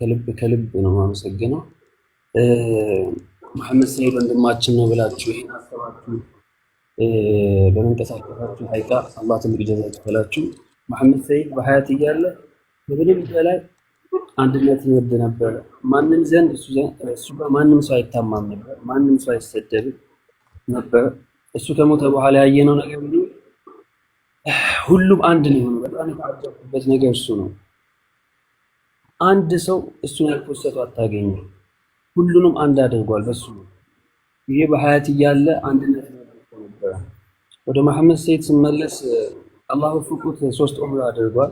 ከልብ ከልብ ነው የማመሰግነው። መሐመድ ሰይድ ወንድማችን ነው ብላችሁ ይህን አሰባችሁ በመንቀሳቀሳችሁ ሀይቃ አላህ ትልቅ ጀዛ ይክፈላችሁ። መሐመድ ሰይድ በሀያት እያለ ከምንም በላይ አንድነት ይወድ ነበር ማንም ዘንድ እሱ ጋር ማንም ሰው አይታማም ነበር። ማንም ሰው አይሰደብም ነበር። እሱ ከሞተ በኋላ ያየነው ነገር ሁሉም አንድ ነው የሆነው። በጣም የተዓጀብኩበት ነገር እሱ ነው። አንድ ሰው እሱን ያልኮሰቱ አታገኙ። ሁሉንም አንድ አድርጓል። በሱ ይሄ በሀያት እያለ አንድነት ነበረ። ወደ መሐመድ ሰይድ ስመለስ አላሁ ፍቁት ሶስት ዑምራ አድርጓል።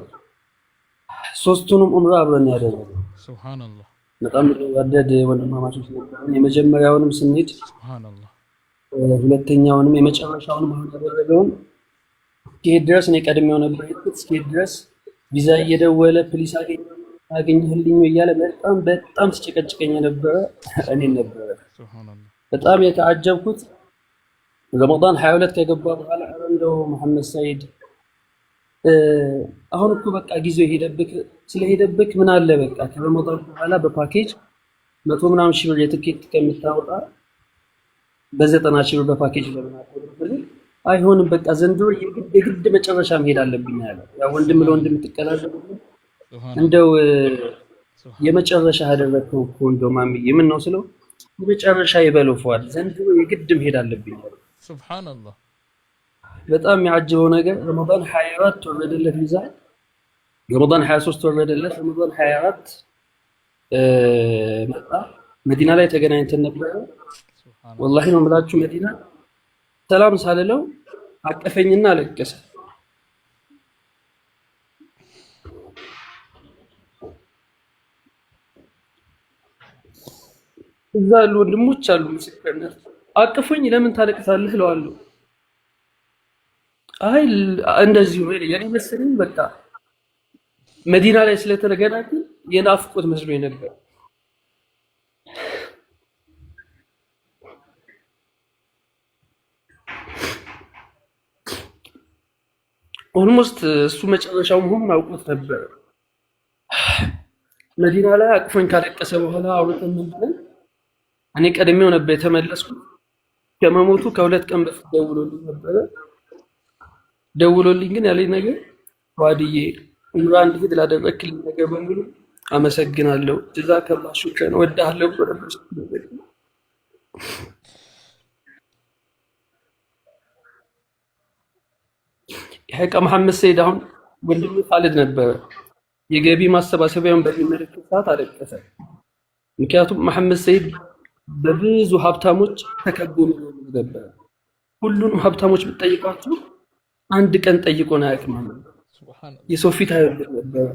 ሶስቱንም ዑምራ አብረን ያደረገ ሱብሃንአላህ። በጣም ወደድ ወንድማማቾች ነበርን። የመጀመሪያውንም ስንሄድ ሁለተኛውንም የመጨረሻውንም አሁን ያደረገውን እስኪሄድ ድረስ እኔ ቀድሜው ነበር። እስኪሄድ ድረስ ቪዛ እየደወለ ፕሊስ አገኘ አገኘህልኝ እያለ በጣም በጣም ሲጨቀጭቀኝ የነበረ እኔ ነበረ። በጣም የተዓጀብኩት ረመዳን ሁለት ከገባ በኋላ እንደው መሐመድ ሰይድ አሁን እኮ በቃ ጊዜው ሄደብክ ስለሄደብክ ምን አለ በቃ ከረመዳን በኋላ በፓኬጅ መቶ ምናምን ሺህ ብር የትኬት ከምታወጣ በዘጠና ሺህ ብር በፓኬጅ ለምን አይሆንም፣ በቃ ዘንድሮ የግድ መጨረሻ መሄድ አለብኝ ያለ ወንድም ለወንድም ትቀላለሁ እንደው የመጨረሻ አደረግከው እኮ እንደው ማሚዬ ምን ነው ስለው የመጨረሻ ይበለው ፈዋል ዘንድሮ የግድ መሄድ አለብኝ። ሱብሃንአላህ በጣም የሚያጅበው ነገር ረመዳን 24 ወረደለት ቪዛ፣ ረመዳን 23 ወረደለት፣ ረመዳን 24 መጣ። መዲና ላይ ተገናኝተን ነበረ። ወላሂ ነው የምላችሁ መዲና ሰላም ሳልለው አቀፈኝና አለቀሰ። እዛ ያሉ ወንድሞች አሉ ሙዚክ አቅፉኝ ለምን ታለቅሳለህ እለዋለሁ። አይ እንደዚሁ የኔ መሰለኝ በቃ መዲና ላይ ስለተገናኘን የናፍቆት መስሎኝ ነበር። ኦልሞስት እሱ መጨረሻው መሆኑን አውቆት ነበር። መዲና ላይ አቅፎኝ ካለቀሰ በኋላ አውርተን ምን ብለን እኔ ቀድሜው ነበር የተመለስኩት። ከመሞቱ ከሁለት ቀን በፊት ደውሎልኝ ነበረ። ደውሎልኝ ግን ያለኝ ነገር ዋድዬ እንግዲህ አንድ እንድሄድ ላደረክልኝ ነገር በሙሉ አመሰግናለሁ። እዛ ከማሹ ቀን ወዳለሁ። የሐቃ መሐመድ ሰይድ አሁን ወንድም ኻሊድ ነበረ። የገቢ ማሰባሰቢያውን በሚመለከት ሰዓት አለቀሰ። ምክንያቱም መሐመድ ሰይድ በብዙ ሀብታሞች ተከቦ የሚኖሩ ነበር። ሁሉንም ሀብታሞች ብትጠይቋቸው አንድ ቀን ጠይቆን አያውቅም ነበር። የሰው ፊት አይወድም ነበር።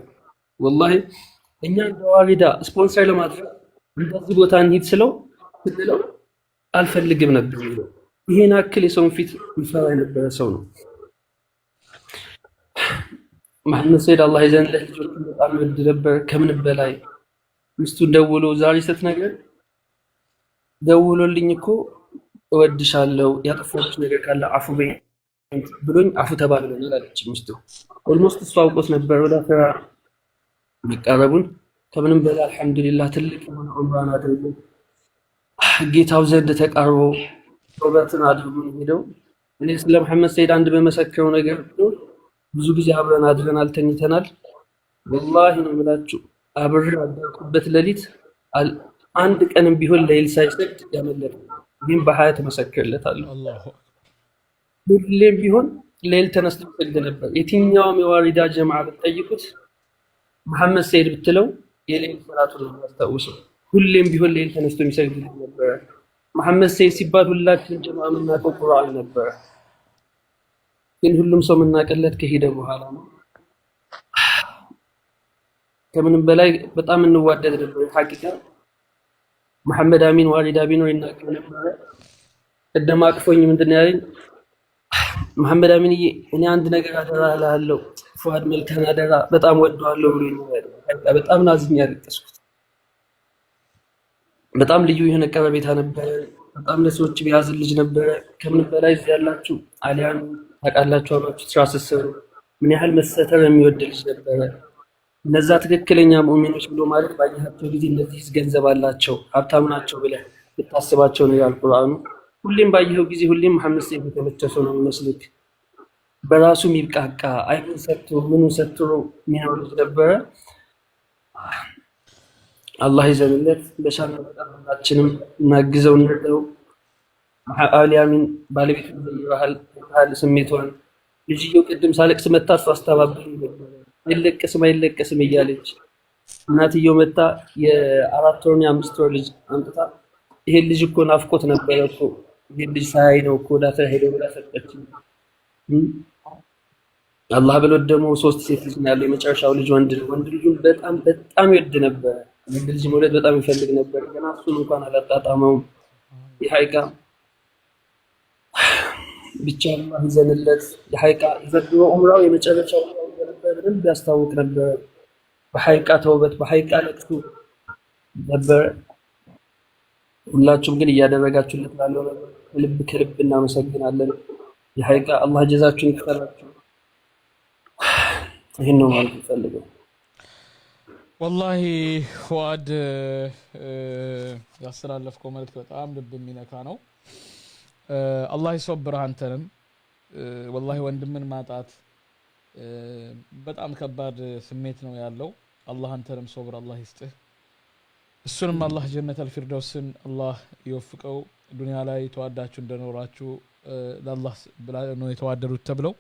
ወላሂ እኛ እንደ ዋሪዳ ስፖንሰር ለማድረግ እንደዚህ ቦታ እንሂድ ስለው ስንለው አልፈልግም ነበር የሚለው። ይሄን አክል የሰውን ፊት ይፈራ የነበረ ሰው ነው መሐመድ ሰይድ። አላህ ይዘንለህ ልጆቹን በጣም ይወድ ነበር ከምን በላይ ሚስቱን ደውሎ ዛሬ ስትነግረን ደውሎልኝ እኮ እወድሻለሁ ያጠፋች ነገር ካለ አፉ ብሎኝ አፉ ተባብለናል አለች ሚስቱ። ኦልሞስት እሱ አውቆት ነበር ወደ አኺራ መቃረቡን። ከምንም በላይ አልሐምዱሊላህ ትልቅ የሆነ ዑምራን አድርጎ ጌታው ዘንድ ተቃርቦ ተውበትን አድርጎ ሄደው። እኔ ስለ መሐመድ ሰይድ አንድ በመሰከረው ነገር ብዙ ጊዜ አብረን አድረናል፣ ተኝተናል። ወላሂ ነው የምላችሁ አብሬ አደርኩበት ሌሊት አንድ ቀንም ቢሆን ለይል ሳይሰግድ ያመለጠ ይህም በሀያ ተመሰክርለታለሁ። ሁሌም ቢሆን ለይል ተነስቶ ይሰግድ ነበር። የትኛውም የዋሪዳ ጀማዓ ብትጠይቁት መሐመድ ሰይድ ብትለው የሌል ሰላቱን ነው የሚያስታውሰው። ሁሌም ቢሆን ለይል ተነስቶ የሚሰግድ ነበረ። መሐመድ ሰይድ ሲባል ሁላችን ጀማዓ የምናውቀው ቁርአን ነበረ። ግን ሁሉም ሰው የምናውቅለት ከሄደ በኋላ ነው። ከምንም በላይ በጣም እንዋደድ ነበር ሀቂቃ መሐመድ አሚን ዋሊድ አሚን ወይ እናቀ ነበረ። ቅድም አቅፎኝ ምንድን ያለኝ መሐመድ አሚንዬ፣ እኔ አንድ ነገር አደራ እልሃለሁ፣ ፉአድ መልካን አደራ በጣም ወደዋለሁ ብሎ በጣም ናዝኝ ያለቀስኩት በጣም ልዩ የሆነ ቀረቤታ ነበረ። በጣም ለሰዎች የያዝ ልጅ ነበረ። ከምን በላይ እዚህ ያላችሁ አሊያን ታውቃላችሁ አሏችሁ ስራ ስትሰሩ ምን ያህል መሰተር የሚወድ ልጅ ነበረ። እነዛ ትክክለኛ ሙእሚኖች ብሎ ማለት ባየሃቸው ጊዜ እነዚህ ገንዘብ አላቸው ሀብታም ናቸው ብለህ ብታስባቸው ነው ይላል ቁርአኑ። ሁሌም ባየኸው ጊዜ ሁሌም መሐመድ ሰይፍ የተመቸሰ ነው የሚመስልክ። በራሱ የሚብቃቃ አይኑን ሰጥቶ ምኑ ሰጥቶ የሚኖር ልጅ ነበረ። አላህ ይዘንለት። በሻና በጣም ሁላችንም እናግዘው እንርዳው። አሊያሚን ባለቤት ባህል ስሜቷን ልጅየው ቅድም ሳለቅ መታ እሱ አስተባብር ነበረ አይለቀስም አይለቀስም እያለች እናትየው መታ የአራት ወር የአምስት ወር ልጅ አምጥታ ይሄ ልጅ እኮ ናፍቆት ነበረ እኮ ይሄ ልጅ ሳይ ነው እኮ ዳተ ሄዶ ብላ ሰጠች። አላህ ብሎት ደግሞ ሶስት ሴት ልጅ ያለው የመጨረሻው ልጅ ወንድ ነው። ወንድ ልጁን በጣም በጣም ይወድ ነበረ። ወንድ ልጅ መውለድ በጣም ይፈልግ ነበር። ገና እሱን እንኳን አላጣጣመውም። የሀይቃ ብቻ አላህ ይዘንለት። የሀይቃ ይዘንለው ኡምራው የመጨረሻው በደንብ ያስታውቅ ነበር። በሐይቃ ተውበት፣ በሐይቃ ለቅሱ ነበር። ሁላችሁም ግን እያደረጋችሁለት ላለው ነበር ልብ ከልብ እናመሰግናለን። የሐይቃ አላህ ጀዛችሁን ይክፈላችሁ። ይህን ነው ማለት ይፈልገው ወላሂ ዋድ ያስተላለፍከው መልክት በጣም ልብ የሚነካ ነው። አላህ ይሶብርህ አንተንም። ወላሂ ወንድምን ማጣት በጣም ከባድ ስሜት ነው ያለው። አላህ አንተንም ሶብር አላህ ይስጥህ። እሱንም አላህ ጀነት አልፊርደውስን አላህ ይወፍቀው። ዱንያ ላይ ተዋዳችሁ እንደኖራችሁ ለአላህ ብላ ነው የተዋደዱት ተብለው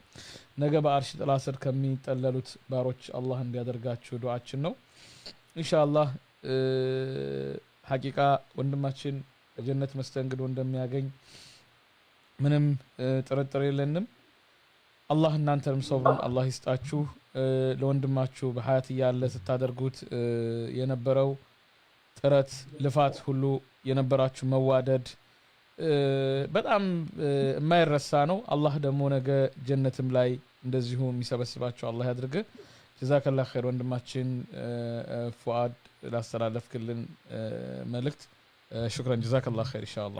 ነገ በአርሽ ጥላ ስር ከሚጠለሉት ባሮች አላህ እንዲያደርጋችሁ ዱዓችን ነው። ኢንሻአላህ ሀቂቃ ወንድማችን ጀነት መስተንግዶ እንደሚያገኝ ምንም ጥርጥር የለንም። አላህ እናንተንም ሰብሩን አላህ ይስጣችሁ። ለወንድማችሁ በሀያት እያለ ስታደርጉት የነበረው ጥረት ልፋት ሁሉ የነበራችሁ መዋደድ በጣም የማይረሳ ነው። አላህ ደግሞ ነገ ጀነትም ላይ እንደዚሁ የሚሰበስባቸው አላህ ያድርግ። ጀዛከላ ኸይር ወንድማችን ፉአድ ላስተላለፍክልን መልእክት ሽክረን ጀዛከላ ኸይር ኢንሻአላህ።